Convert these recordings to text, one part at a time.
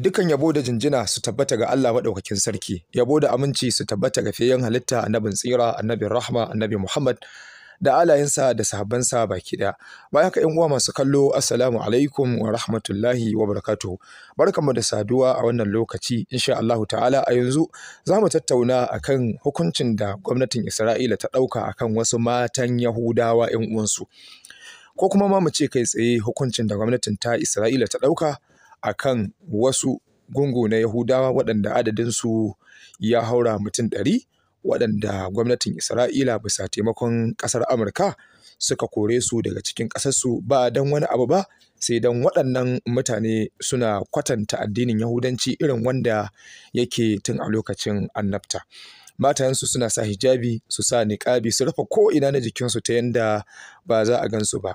Dukan yabo da jinjina su tabbata ga Allah maɗaukakin sarki, yabo da aminci su tabbata ga fiyayyen halitta annabin tsira, annabin rahma, annabi Muhammad da alayensa da sahabbansa baki ɗaya. Bayan haka ‘yan uwa masu kallo, Assalamu alaikum wa rahmatullahi wa barakatuhu. Barkanmu da saduwa a wannan lokaci, insha Allahu ta'ala a yanzu za mu tattauna akan hukuncin da gwamnatin Isra'ila ta ɗauka akan wasu matan Yahudawa ‘yan uwansu. Ko kuma ma mu ce kai tsaye hukuncin da gwamnatin ta Isra'ila ta ɗauka a kan wasu gungu na Yahudawa waɗanda adadinsu ya haura mutum ɗari waɗanda gwamnatin Isra'ila bisa taimakon ƙasar Amurka suka kore su daga cikin ƙasarsu ba don wani abu ba sai don waɗannan mutane suna kwatanta addinin Yahudanci irin wanda yake tun a lokacin annabta. Matayensu suna sa hijabi, su sa niƙabi, su rufe ko'ina na jikinsu ta yanda ba za a gansu ba.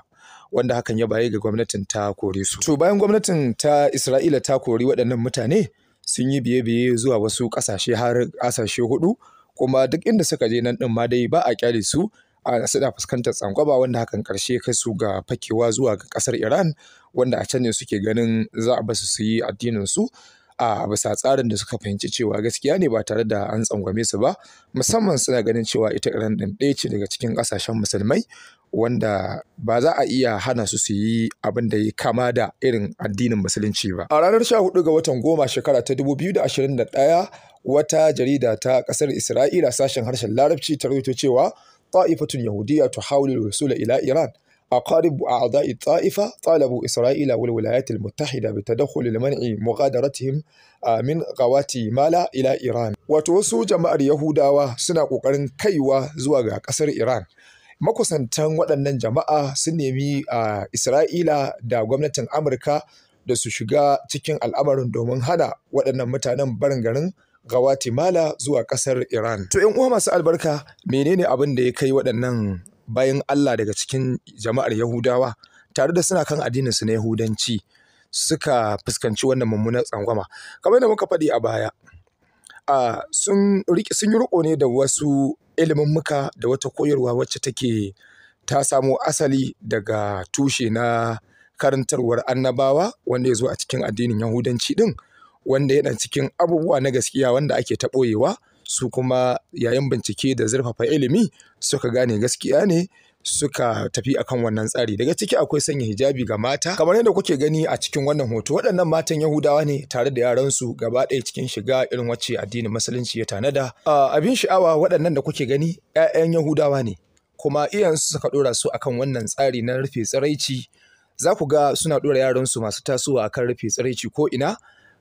wanda hakan ya baye ga gwamnatin ta kore su to bayan gwamnatin ta Isra'ila ta kori waɗannan mutane sun yi biye-biye zuwa wasu ƙasashe har ƙasashe hudu kuma duk inda suka je nan ɗin ma dai ba a kyale su a suna fuskantar tsangwaba wanda hakan ƙarshe kai su ga fakewa zuwa ga ƙasar Iran wanda a can ne suke ganin za a basu su yi addinin su a bisa tsarin da suka fahimci cewa gaskiya ne ba tare da an tsangwame su ba musamman suna ganin cewa ita Iran ɗin ɗaya ce daga cikin ƙasashen musulmai wanda ba za a iya hana su su yi abin da ya kama da irin addinin musulunci ba. A ranar 14 ga watan goma shekara ta 2021 wata jarida ta ƙasar Isra'ila sashen harshen Larabci ta rubuta cewa ta'ifatun Yahudiya ta hauli rasul ila Iran. أقارب أعضاء الطائفة طالبوا إسرائيل والولايات المتحدة بتدخل لمنع مغادرتهم Mala ila Iran. Wato إيران jama'ar Yahudawa suna ƙoƙarin kaiwa zuwa ga ƙasar Iran. makusantan waɗannan jama'a sun nemi a isra'ila da gwamnatin amurka da su shiga cikin al'amarin domin hana waɗannan mutanen barin garin Guatemala zuwa ƙasar Iran. To ‘yan uwa masu albarka menene abin da ya kai waɗannan bayan Allah daga cikin jama'ar Yahudawa tare da suna kan addininsu na Yahudanci suka fuskanci wannan mummunan tsangwama. Kamar da muka faɗi a baya, sun yi ne da wasu muka da wata koyarwa wacce take ta samo asali daga tushe na karantarwar annabawa wanda ya zo a cikin addinin yahudanci ɗin wanda yana cikin abubuwa na gaskiya wanda ake ta ɓoyewa su kuma yayin bincike da zurfafa ilimi suka gane gaskiya ne suka tafi akan wannan tsari daga ciki akwai sanya hijabi ga mata kamar yadda kuke gani a cikin wannan hoto waɗannan matan yahudawa ne tare da yaransu gaba ɗaya cikin shiga irin wacce addinin musulunci ya tanada abin sha'awa waɗannan da kuke gani 'ya'yan yahudawa ne kuma iyayensu suka ɗora su akan wannan tsari na rufe tsiraici za ku ga suna ɗora yaransu masu tasowa akan rufe tsiraici ko ina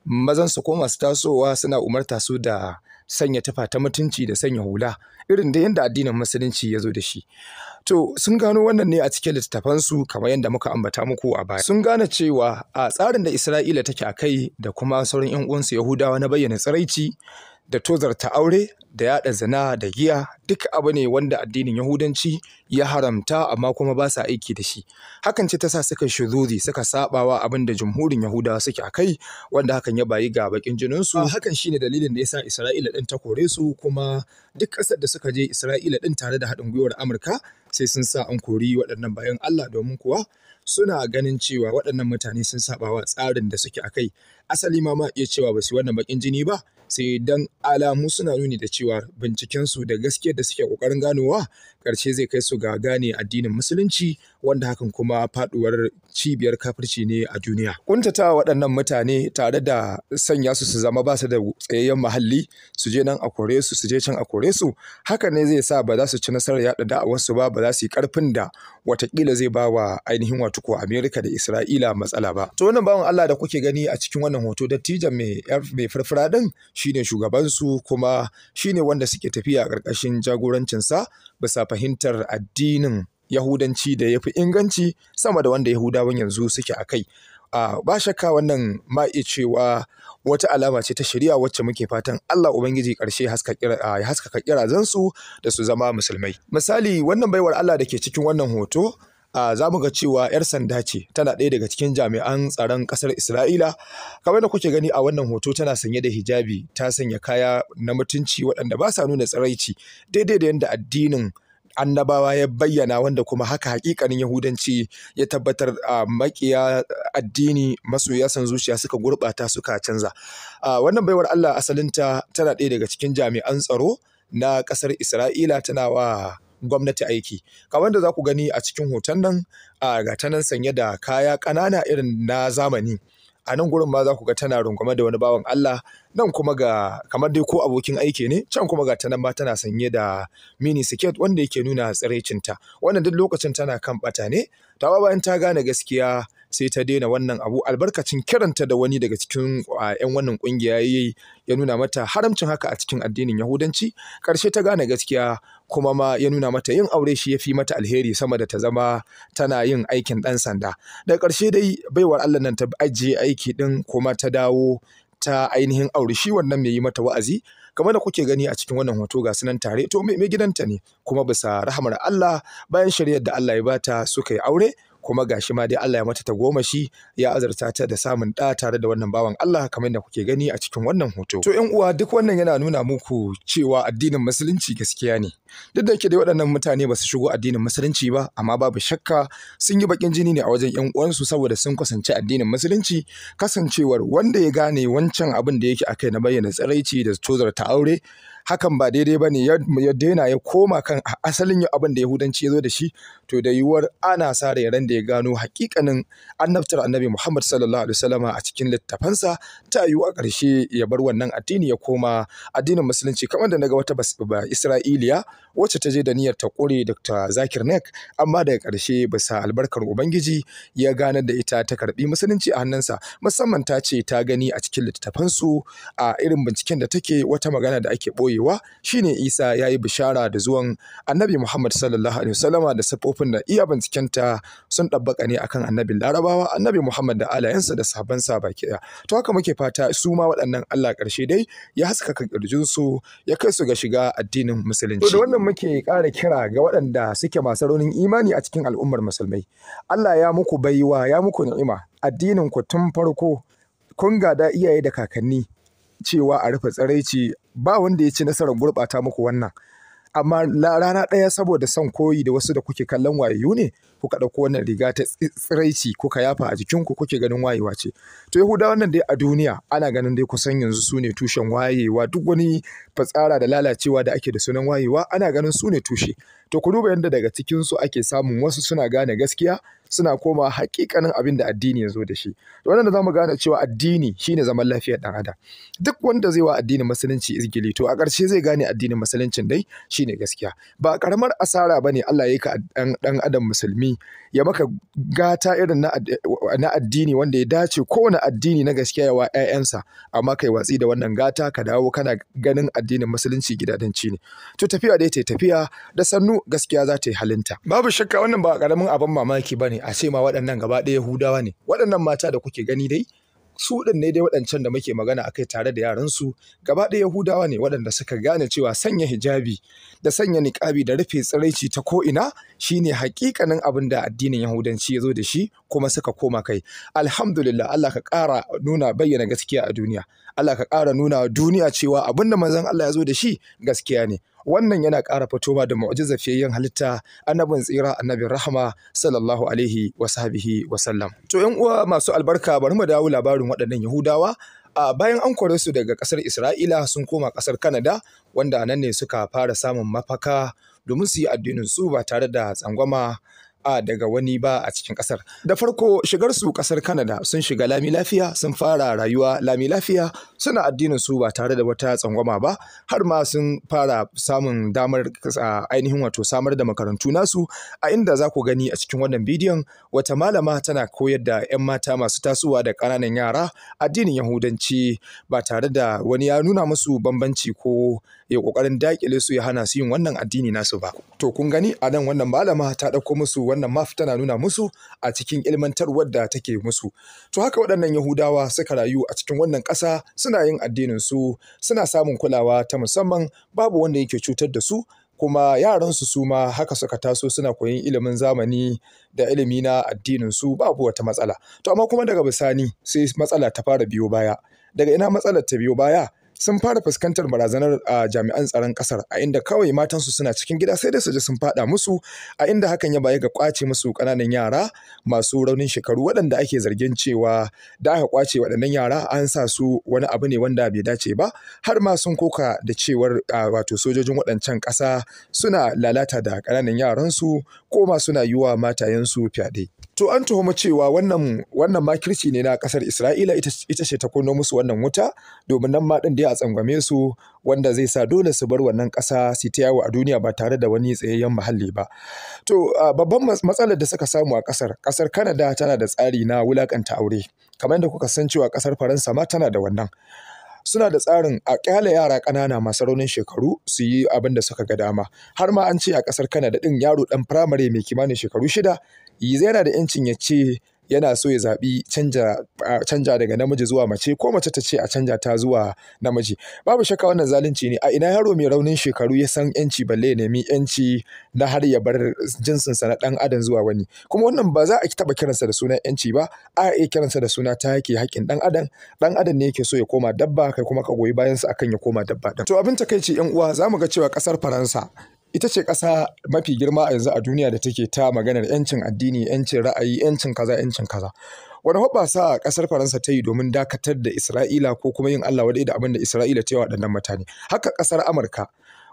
mazansu ko masu tasowa suna umarta su da sanya tufa ta mutunci da sanya hula irin da yadda addinin musulunci ya zo da shi to sun gano wannan ne a cikin littattafansu kamar yadda muka ambata muku a baya sun gane cewa a tsarin da isra'ila take a kai da kuma sauran yan uwansu yahudawa na bayyana tsiraici da tozarta aure da yaɗa zina da giya duk abu ne wanda addinin yahudanci ya haramta amma kuma ba sa aiki da shi hakan ce ta sa suka shuzuri suka sabawa abin da jumhurin yahudawa suke a kai wanda hakan ya bayi ga bakin jinin su hakan shine dalilin da ya sa isra'ila ɗin ta kore su kuma duk ƙasar da suka je isra'ila din tare da haɗin gwiwar amurka sai sun sa an kori waɗannan bayan allah domin kuwa suna ganin cewa waɗannan mutane sun sabawa tsarin da suke a kai asali ma ma iya cewa ba su wannan bakin jini ba sai dan alamu suna nuni da cewa bincikensu da gaskiyar da suke ƙoƙarin ganowa ƙarshe zai kai su ga gane addinin musulunci wanda hakan kuma faduwar cibiyar kafirci ne a duniya. Kuntata waɗannan mutane tare da sanya su su zama ba da tsayayyen muhalli su je nan a kore su su je can a kore su haka ne zai sa ba za su ci nasarar yaɗa wasu ba ba za su yi ƙarfin da watakila zai ba wa ainihin wato ko Amerika da Isra'ila matsala ba. To wannan bawan Allah da kuke gani a cikin wannan hoto dattijan mai mai farfara din shine shugaban su kuma shine wanda suke tafiya a ƙarƙashin jagorancin sa bisa fahimtar addinin Yahudanci da ya fi inganci sama da wanda Yahudawan yanzu suke a kai. Ba shakka wannan ma cewa wata alama ce ta shari'a wacce muke fatan Allah Ubangiji ƙarshe haskaka zansu da su zama musulmai. Misali wannan baiwar Allah da ke cikin wannan hoto za mu ga cewa 'yar sanda ce tana ɗaya daga cikin jami'an tsaron ƙasar Isra'ila. Kamar da kuke gani a wannan hoto tana sanye da hijabi ta sanya kaya na mutunci waɗanda ba sa nuna tsiraici daidai da yadda addinin annabawa ya bayyana wanda kuma haka hakikanin yahudanci ya tabbatar a makiya addini masoya san zuciya suka gurɓata, suka canza wannan baiwar Allah asalinta tana ɗaya daga cikin jami'an tsaro na ƙasar Isra'ila tana wa gwamnati aiki ka da za ku gani a cikin hoton nan ga ta nan sanye da kaya ƙanana irin na zamani a nan gurin ma za ku ga tana rungume da wani bawan Allah nan kuma ga kamar dai ko abokin aiki ne can kuma ga ta nan ma tana sanye da mini skirt wanda yake nuna tsiraicinta wannan duk lokacin tana kan bata ne tawa bayan ta gane gaskiya sai ta daina wannan abu albarkacin kiranta da wani daga cikin yan ah, wannan kungiya yayi ya nuna mata haramcin haka a cikin addinin yahudanci karshe ta gane gaskiya kuma ma ya nuna mata yin aure shi ya fi mata alheri sama da ta zama tana yin aikin ɗan sanda da karshe dai baiwar Allah nan ta ajiye aiki ɗin kuma ta dawo ta ainihin aure shi wannan mai yi mata wa'azi kamar da kuke gani a cikin wannan hoto ga sunan tare to mai gidanta ne kuma bisa rahamar Allah bayan shari'ar da Allah ya bata suka yi aure kuma gashi ma dai Allah ya mata ta tagomashi ya azarta ta da samun ɗa tare da wannan bawan Allah kamar da kuke gani a cikin wannan hoto to ƴan uwa duk wannan yana nuna muku cewa addinin musulunci gaskiya ne duk da yake dai waɗannan mutane ba su shigo addinin musulunci ba amma babu shakka sun yi bakin jini ne a wajen ƴan uwansu saboda sun kasance addinin musulunci kasancewar wanda ya gane wancan abin da yake akai na bayyana tsiraici da ta aure hakan ba daidai ba ne ya daina ya koma kan asalin abin da yahudanci ya zo da shi to da yiwuwar ana sa ran da ya gano hakikanin annabtar annabi muhammad sallallahu alaihi wasallama a cikin littafansa ta yiwu a ƙarshe ya bar wannan addini ya koma addinin musulunci kamar da naga wata isra'iliya wacce ta je da niyyar ta kore dr zakir nek amma daga ƙarshe bisa albarkar ubangiji ya gane da ita ta karbi musulunci a hannunsa musamman ta ce ta gani a cikin littafansu a irin binciken da take wata magana da ake ɓoye shi shine Isa ya yi bishara da zuwan Annabi Muhammad sallallahu alaihi wasallama da safofin da iya bincikenta sun ɗabbaka ne akan annabi Larabawa Annabi Muhammad da alayensa da sa baki ɗaya to haka muke fata su ma waɗannan Allah ƙarshe dai ya haskaka ƙirjinsu ya kai su ga shiga addinin musulunci da wannan muke ƙara kira ga waɗanda suke masu raunin imani a cikin al'ummar musulmai Allah ya muku baiwa ya muku ni'ima addinin ku tun farko kun gada iyaye da kakanni cewa a rufe tsiraici ba wanda ya ci nasarar gurɓata muku wannan amma rana ɗaya saboda son koyi da wasu da kuke kallon wayayyu ne kuka ɗauko wannan riga ta tsiraici kuka yafa a jikinku kuke ganin wayewa ce to yahuda wannan dai a duniya ana ganin dai kusan yanzu su ne tushen wayewa duk wani fatsara da lalacewa da ake da sunan wayewa ana ganin su ne tushe to ku duba yadda daga cikin su ake samun wasu suna gane gaskiya suna koma hakikanin abin da addini ya zo da shi to wannan da zamu gane cewa addini shine zaman lafiyar dan adam duk wanda zai wa addinin musulunci izgili to a ƙarshe zai gane addinin musuluncin dai shine gaskiya ba karamar asara bane Allah ya ka dan adam musulmi ya maka gata irin na addini wanda ya dace kowane addini na gaskiya wa ƴaƴansa amma kai watsi da wannan gata ka dawo kana ganin addinin musulunci gidadanci ne to tafiya dai ta tafiya da sannu gaskiya za ta yi halinta babu shakka wannan ba karamin abin mamaki ba ne. a ce ma waɗannan gaba ɗaya Yahudawa ne waɗannan mata da kuke gani dai su ɗin ne dai waɗancan da muke magana a kai tare da yaransu gaba ɗaya yahudawa ne waɗanda suka gane cewa sanya hijabi da sanya niƙabi da rufe tsiraici ta ko'ina shine hakikanin abin da addinin yahudanci ya zo da shi kuma suka koma kai alhamdulillah allah ka ƙara nuna bayyana gaskiya a duniya Allah ka ƙara nuna duniya cewa abin da manzon Allah ya zo da shi gaskiya ne wannan yana ƙara fitowa da mu'jizar fiyayyen halitta annabin tsira annabin rahama sallallahu alaihi wa sahbihi wa sallam to yan uwa masu albarka bari mu dawo labarin waɗannan yahudawa a bayan an kore su daga ƙasar Isra'ila sun koma ƙasar Kanada, wanda nan ne suka fara samun mafaka domin su yi addinin su ba tare da tsangwama a daga wani ba a cikin kasar Da farko shigar su kasar Kanada, sun shiga lami lafiya sun fara rayuwa lami lafiya suna addinin su ba tare da wata tsangwama ba har ma sun fara samun damar ainihin wato samar da makarantu nasu a inda za ku gani a cikin wannan bidiyon wata malama tana koyar da 'yan mata masu tasowa da ƙananan yara addinin Yahudanci ba tare da wani ya nuna musu bambanci ko ya ƙoƙarin daƙile su ya hana su yin wannan addini nasu ba. To kun gani a nan wannan malama ta ɗauko musu wannan maf tana nuna musu a cikin ilmantarwar da take musu to haka waɗannan yahudawa suka rayu a cikin wannan ƙasa suna yin addinin su suna samun kulawa ta musamman babu wanda yake cutar da su kuma yaransu su ma haka suka taso suna koyin ilimin zamani da ilimi na addininsu, babu wata matsala to amma kuma daga bisani sai matsala ta fara biyo baya daga ina matsalar ta biyo baya sun fara fuskantar barazanar a jami'an tsaron kasar a inda kawai matansu suna cikin gida sai dai su ji sun fada musu a inda hakan ya baya ga kwace musu kananan yara masu raunin shekaru waɗanda ake zargin cewa da aka kwace waɗannan yara an sa su wani abu ne wanda bai dace ba har ma sun koka da cewar wato sojojin waɗancan ƙasa suna lalata da kananan yaransu ko ma suna yi wa matayensu fyaɗe. to an tuhuma cewa wannan wannan makirci ne na kasar Isra'ila ita ce ta kunno musu wannan wuta domin nan ma din da ya tsangwame su wanda zai sa dole su bar wannan ƙasa su ta yawo a duniya ba tare da wani tsayayyen muhalli ba to babban matsalar da suka samu a ƙasar ƙasar Canada tana da tsari na wulakanta aure kamar da kuka san cewa ƙasar Faransa ma tana da wannan suna da tsarin a ƙyale yara ƙanana masu raunin shekaru su yi abin da suka ga dama har ma an ce a ƙasar Canada ɗin yaro ɗan firamare mai kimanin shekaru shida yana da ‘yancin ya ce yana so ya zaɓi canja daga namiji zuwa mace ko mace ta ce a canja ta zuwa namiji babu shakka wannan zalunci ne a ina yaro mai raunin shekaru ya san ‘yanci balle ya nemi ‘yanci na har ya bar jinsinsa na ɗan adam zuwa wani kuma wannan ba za a taɓa kiransa da suna ‘yanci ba a iya kiransa da suna ta yake haƙƙin ɗan adam ɗan adam ne yake so ya koma dabba kai kuma ka goyi bayansa akan ya koma dabba ɗin to abin takaici ‘yan uwa za mu ga cewa ƙasar faransa ita ce ƙasa mafi girma a yanzu a duniya da take ta maganar 'yancin addini 'yancin ra'ayi 'yancin kaza 'yancin kaza wani hoɓa a ƙasar faransa ta yi domin dakatar da isra'ila ko kuma yin allah wadai da abin da isra'ila ta yi wa ɗannan mutane haka ƙasar amurka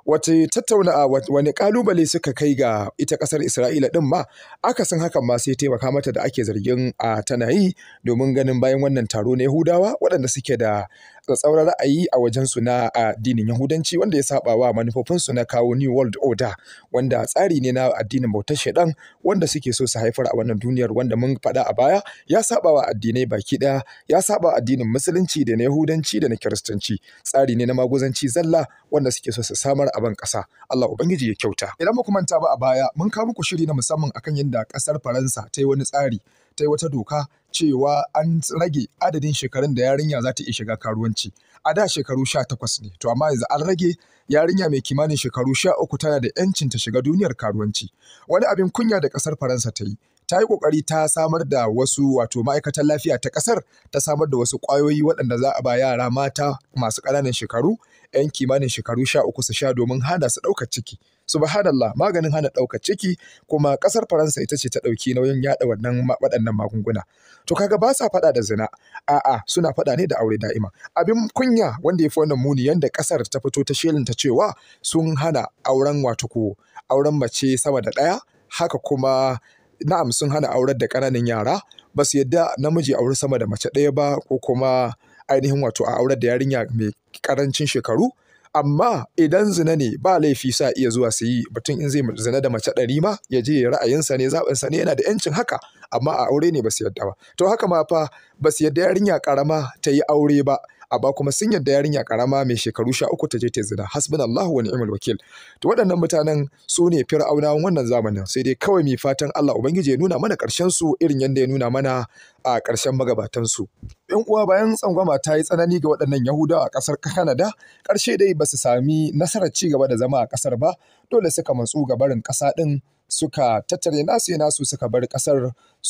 wace tattauna a wani ƙalubale suka kai ga ita ƙasar Isra'ila ɗin ma aka san hakan ma sai taimaka mata da ake zargin a tana yi domin ganin bayan wannan taro na Yahudawa waɗanda suke da tsatsauran ra'ayi a wajen su na addinin Yahudanci wanda ya saba wa manufofinsu na kawo New World Order wanda tsari ne na addinin bautar shaidan wanda suke so su haifar a wannan duniyar wanda mun faɗa a baya ya saba wa addinai baki ɗaya ya saba addinin musulunci da na Yahudanci da na Kiristanci tsari ne na maguzanci zalla wanda suke so su samar a ban ƙasa Allah ubangiji ya kyauta idan muku manta ba a baya mun kawo muku shiri na musamman akan yadda ƙasar Faransa ta yi wani tsari ta yi wata doka cewa an rage adadin shekarun da yarinya za ta iya shiga karuwanci a da shekaru sha takwas ne to amma yanzu an rage yarinya mai kimanin shekaru sha uku tana da yancin ta shiga duniyar karuwanci wani abin kunya da ƙasar faransa ta yi ta yi ƙoƙari ta samar da wasu wato ma'aikatan lafiya ta ƙasar, ta samar da wasu ƙwayoyi, waɗanda za a ba yara mata masu ƙananan shekaru 'yan kimanin shekaru sha uku su sha domin hana su ɗaukar ciki subhanallah maganin hana ɗaukar ciki kuma ƙasar faransa ita ce ta ɗauki nauyin yaɗa wannan waɗannan magunguna to kaga ba sa faɗa da zina a'a suna faɗa ne da aure da'ima abin kunya wanda ya fi wannan muni yanda ƙasar ta fito ta shelinta cewa sun hana auren wato ko auren mace sama da ɗaya haka kuma na'am sun hana aurar da ƙananan yara ba su yadda namiji aure sama da mace ɗaya ba ko kuma ainihin wato a aurar da yarinya mai ƙarancin shekaru amma idan zina ne ba laifi sa iya zuwa su yi mutum in zai zina da mace ɗari ma ya je ra'ayinsa ne zaɓinsa ne yana da yancin haka amma a aure ne ba su yadda ba to haka ma fa ba su yarda yarinya ƙarama ta yi aure ba ba kuma sun yadda yarinya karama mai shekaru sha uku ta je ta zina hasbunallahu wa ni'mal wakil to waɗannan mutanen su ne fir'auna wannan zamanin sai dai kawai mai fatan Allah ubangiji ya nuna mana ƙarshen su irin yadda ya nuna mana a ƙarshen magabatan su yan uwa bayan tsangwama ta yi tsanani ga waɗannan yahudawa a ƙasar Kanada, ƙarshe dai ba su sami nasarar ci gaba da zama a ƙasar ba dole suka matsu ga barin ƙasa ɗin suka tattare nasu nasu suka bar kasar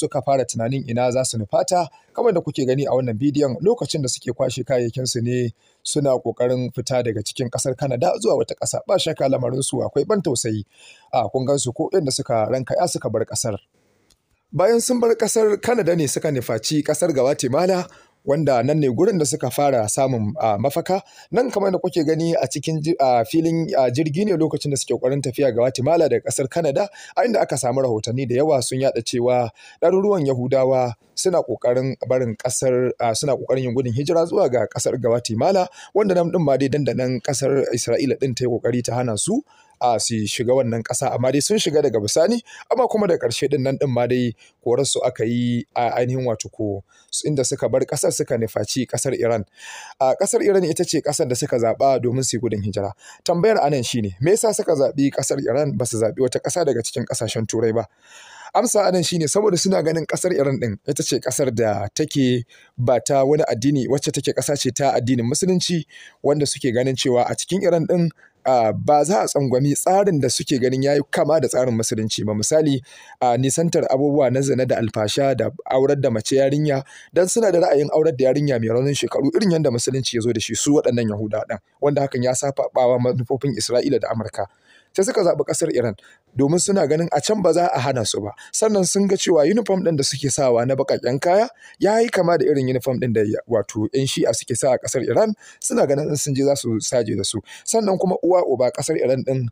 suka fara tunanin ina za su nufata kamar da kuke gani a wannan bidiyon lokacin da suke kwashe kayayyakin su ne suna kokarin fita daga cikin kasar Kanada zuwa wata ƙasa ba shakka su akwai ban tausayi a kun gansu ko inda suka ranka ya suka bar kasar bayan sun bar kasar Kanada ne suka nufaci kasar Guatemala wanda nan ne gurin da suka fara samun mafaka nan kamar da kuke gani a cikin filin jirgi ne lokacin da suke ƙoƙarin tafiya ga Guatemala daga ƙasar Canada a inda aka samu rahotanni da yawa sun yada cewa ɗaruruwan Yahudawa suna ƙoƙarin barin ƙasar suna ƙoƙarin yin gudun hijira zuwa ga ƙasar Guatemala wanda nan din ma dai dandanan ƙasar Isra'ila din ta yi ƙoƙari ta hana su a su shiga wannan ƙasa amma dai sun shiga daga bisani amma kuma da ƙarshe din nan din ma dai korar su aka yi a ainihin wato ko inda suka bar ƙasar suka nufaci ƙasar Iran a ƙasar Iran ita ce ƙasar da suka zaɓa domin su gudun hijira tambayar anan shine me yasa suka zaɓi ƙasar Iran ba su zaɓi wata ƙasa daga cikin ƙasashen Turai ba amsa anan shine saboda suna ganin ƙasar Iran din ita ce ƙasar da take ba ta wani addini wacce take ƙasa ce ta addinin musulunci wanda suke ganin cewa a cikin Iran din ba za a tsangwami tsarin da suke ganin ya yi kama da tsarin musulunci ba misali a nisantar abubuwa na zina da alfasha da aurar da mace yarinya Don suna da ra'ayin aurar da yarinya mai raunin shekaru irin yadda musulunci ya zo da shi su waɗannan yahuda ɗin wanda hakan ya saba manufofin isra'ila da amurka sai suka zaɓi ƙasar Iran domin suna ganin a can ba za a hana su ba sannan sun ga cewa uniform ɗin da suke sawa na baƙaƙen kaya ya yi kama da irin uniform ɗin da wato 'yan shi'a suke sa a ƙasar Iran suna ganin in sun je za su saje da su sannan kuma uwa uba ƙasar Iran ɗin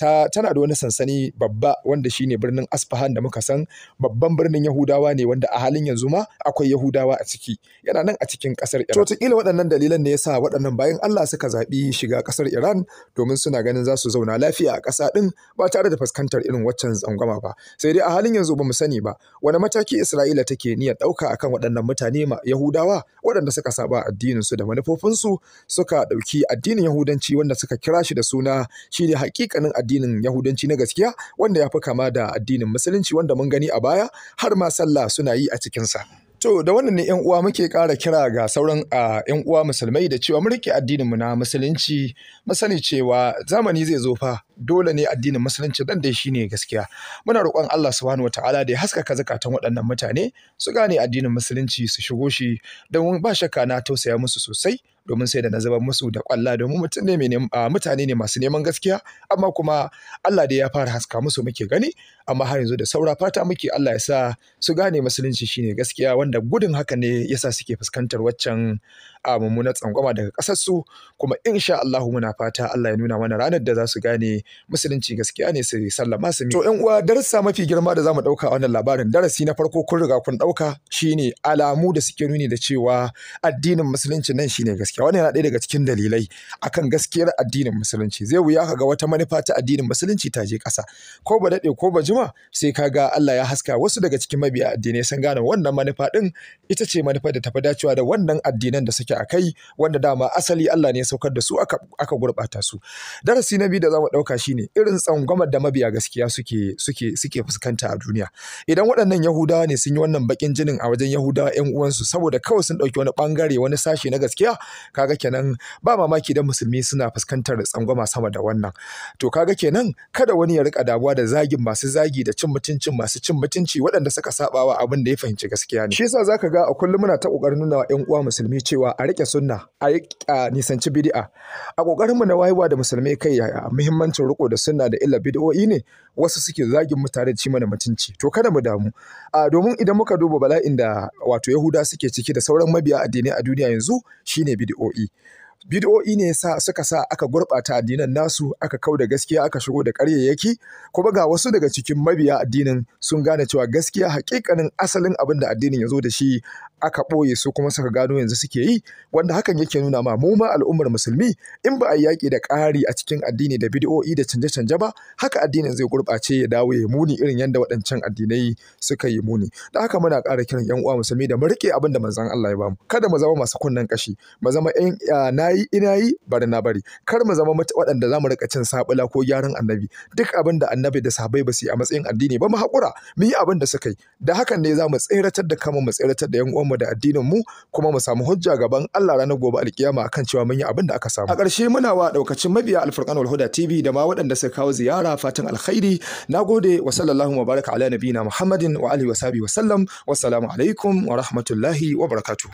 ta tana da wani sansani babba wanda shine birnin Asfahan da muka san babban birnin Yahudawa ne wanda a halin yanzu ma akwai Yahudawa a ciki yana nan a cikin ƙasar Iran. To waɗannan dalilan ne yasa waɗannan bayan Allah suka zaɓi shiga ƙasar Iran domin suna ganin za su zauna lafiya a ƙasa ɗin ba tare da fuskantar irin waccan zangwama ba sai dai a halin yanzu ba mu sani ba wani mataki isra'ila take niyyar ɗauka akan waɗannan mutane ma yahudawa waɗanda suka saba addinin su da manufofinsu suka ɗauki addinin yahudanci wanda suka kira shi da suna shi ne hakikanin addinin yahudanci na gaskiya wanda ya fi kama da addinin musulunci wanda mun gani a baya har ma sallah suna yi a cikinsa. To da wannan ne ‘yan uwa muke ƙara kira ga sauran ‘yan uwa musulmai da cewa mu addinin mu na musulunci mu sani cewa zamani zai zo fa dole ne addinin musulunci dan dai ne gaskiya muna roƙon Allah subhanahu wataala da ya haskaka zakatan waɗannan mutane su gane addinin musulunci su shigo shi don ba shakka na tausaya musu sosai domin sai da na zuba musu da kwalla domin mutum ne mai mutane ne masu neman gaskiya amma kuma Allah dai ya fara haska musu muke gani amma har yanzu da saura fata muke Allah ya sa su gane musulunci shine gaskiya wanda gudun haka ne yasa suke fuskantar waccan a mummunar tsangwama daga ƙasarsu kuma insha Allahu muna fata Allah ya nuna mana ranar da za su gane musulunci gaskiya ne su sallama su to ƴan uwa darussa mafi girma da za mu ɗauka wannan labarin darasi na farko kun riga kun ɗauka shine alamu da suke nuni da cewa addinin musulunci nan ne gaskiya wannan yana ɗaya daga cikin dalilai akan gaskiyar addinin musulunci zai wuya kaga wata manufa ta addinin musulunci ta je ƙasa ko ba daɗe ko ba jima sai kaga Allah ya haska wasu daga cikin mabiya addinai sun gane wannan manufa ɗin ita ce manufa da tafi dacewa da wannan addinan da suke ta a wanda dama asali Allah ne ya saukar da su aka, aka gurbata su darasi na biyu da zamu ɗauka shine irin tsangwamar da mabiya gaskiya suke suke suke fuskanta a duniya idan waɗannan yahudawa ne sun yi wannan bakin jinin a wajen yahudawa ƴan uwansu saboda kawai sun ɗauki wani bangare wani sashe na gaskiya kaga kenan ba mamaki dan musulmi suna fuskantar tsangwama sama da wannan to kaga kenan kada wani ya rika dabuwa da zagin masu zagi da cin mutuncin masu cin mutunci waɗanda suka sabawa abin da ya fahimci gaskiya ne shi yasa zaka ga a kullum muna ta kokarin nuna wa ƴan uwa musulmi cewa a riƙe sunna a nisanci bid'a a ƙoƙarin mu na wayewa da musulmi kai a muhimmancin riko da sunna da illa bid'o'i ne wasu suke zagin mu tare da ci mana mutunci to kada mu damu a domin idan muka duba bala'in da wato yahuda suke ciki da sauran mabiya addinai a duniya yanzu shine bid'o'i bid'o'i ne sa suka sa aka gurɓata addinan nasu aka kau da gaskiya aka shigo da ƙaryayyaki kuma ga wasu daga cikin mabiya addinin sun gane cewa gaskiya hakikanin asalin abin da addinin ya zo da shi aka ɓoye su kuma suka gano yanzu suke yi wanda hakan yake nuna ma mu ma al'ummar musulmi in ba a yaƙi da ƙari a cikin addini da bidiyo'i da canje-canje ba haka addinin zai gurɓace ya dawo ya muni irin yadda waɗancan addinai suka yi muni da haka muna ƙara kiran 'yan uwa musulmi da mu riƙe abin da manzon Allah ya bamu kada mu zama masu kunnen kashi mu zama ɗan nayi ina yi bari na bari kar mu zama waɗanda za mu riƙa cin sabula ko gyaran annabi duk abin da annabi da sahabbai ba su yi a matsayin addini ba mu haƙura mu yi abin da suka yi da hakan ne za mu tseratar da kanmu mu tseratar da yan uwan mu da addinin mu kuma mu samu hujja gaban Allah ranar gobe alkiyama akan cewa mun yi abin da aka samu a ƙarshe muna wa daukacin mabiya alfurqan wal tv da ma waɗanda suka kawo ziyara fatan alkhairi nagode wa sallallahu wa baraka ala nabiyina muhammadin wa alihi wa sahbihi wa sallam wassalamu alaikum wa rahmatullahi wa barakatuh